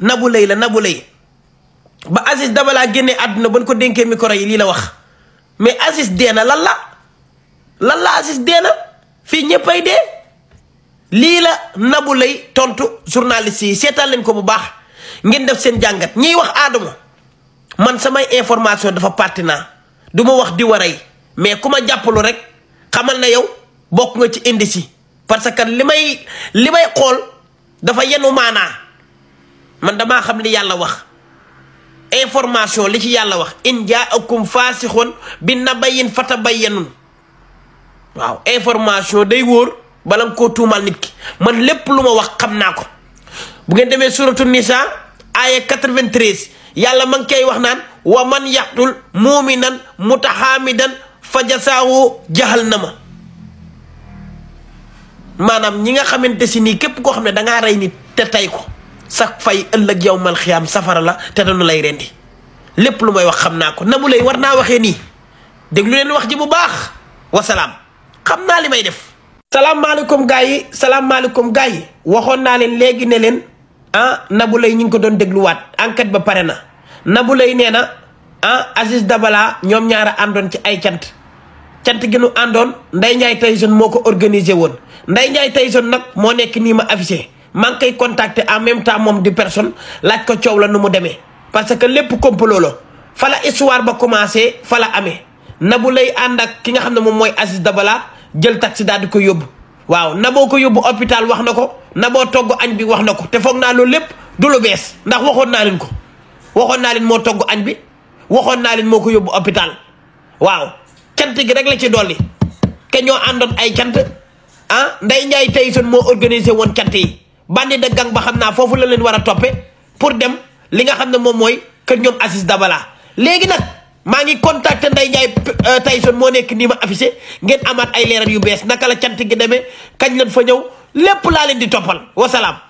nabu lay la nabu lay ba dama laa génnee àdduna ba ñu ko dénkee micro yi lii la wax mais Aziz dee na lan la lan la Aziz dee na fii ñëppay de lii la nabu lay tontu journaliste yi seetaan leen ko bu baax ngeen def seen jàngat ñiy wax aadama man samay information dafa pertinent du ma wax di waray mais ku ma jàppalu rek xamal na yow bokk nga ci indi si parce que li may li may xool dafa yenu maanaa man damaa xam li yàlla wax information li ci yàlla wax in jaakum faasixun bi nabayin fatabayyanun waaw information day wóor bala nga koo tuumal nit ki man lépp lu ma wax xam naa ko bu ngeen demee suratu nisa aaya 93 yàlla ma ngi koy wax naan wa man yaqtul muminan mutaxaamidan fa jasaawu jahannama maanaam ñi nga xamante si nii képp koo xam ne dangaa rey nit te tey ko sax fay ëllëg yow mal xiyaam safara la te dañu lay rendi lépp lu may wax xam naa ko nabu lay war naa waxee nii déglu leen wax ji bu baax wasalaam xam naa li may def. salaamaaleykum gars yi salaamaaleykum gars yi waxoon naa leen léegi ne leen ah nabu lay ñu ngi ko doon dégluwaat enquête ba pare na nabu lay nee na ah Aziz Dabala ñoom ñaara àndoon ci ay cant. cant gi nu àndoon ñaay Ndiaye Tyson moo ko organisé woon Ndeye Ndiaye Tyson nag moo nekk nii ma affiché man kay koy en même temps moom di personne laaj ko coow la nu mu demee parce que lépp complot la fa la histoire ba commencé fala la na bu lay ànd ak ki nga xam ne moom mooy Aziz Dabala jël taxi daal di ko yóbbu waaw Naboo ko yóbbu hôpital wax na ko Naboo togg añ bi wax na ko te foog naa loolu lépp du ndax waxoon naa leen ko waxoon naa leen moo togg añ bi waxoon naa leen moo ko yóbbu hôpital waaw cant gi rek la ci dolli ke ñoo àndoon ay cant ah Ndeye Ndiaye Tyson moo organisé woon cant yi bandi de gang ba xam naa foofu la leen war a toppe pour dem li nga xam ne moom mooy kër ñoom Aziz Dabala léegi nag maa ngi contacter Ndeye Ndiaye euh, Tyson moo nekk nii ma affiché ngeen amaat ay leeral yu bees naka la cant gi demee kañ leen fa ñëw lépp laa leen di toppal wasalaam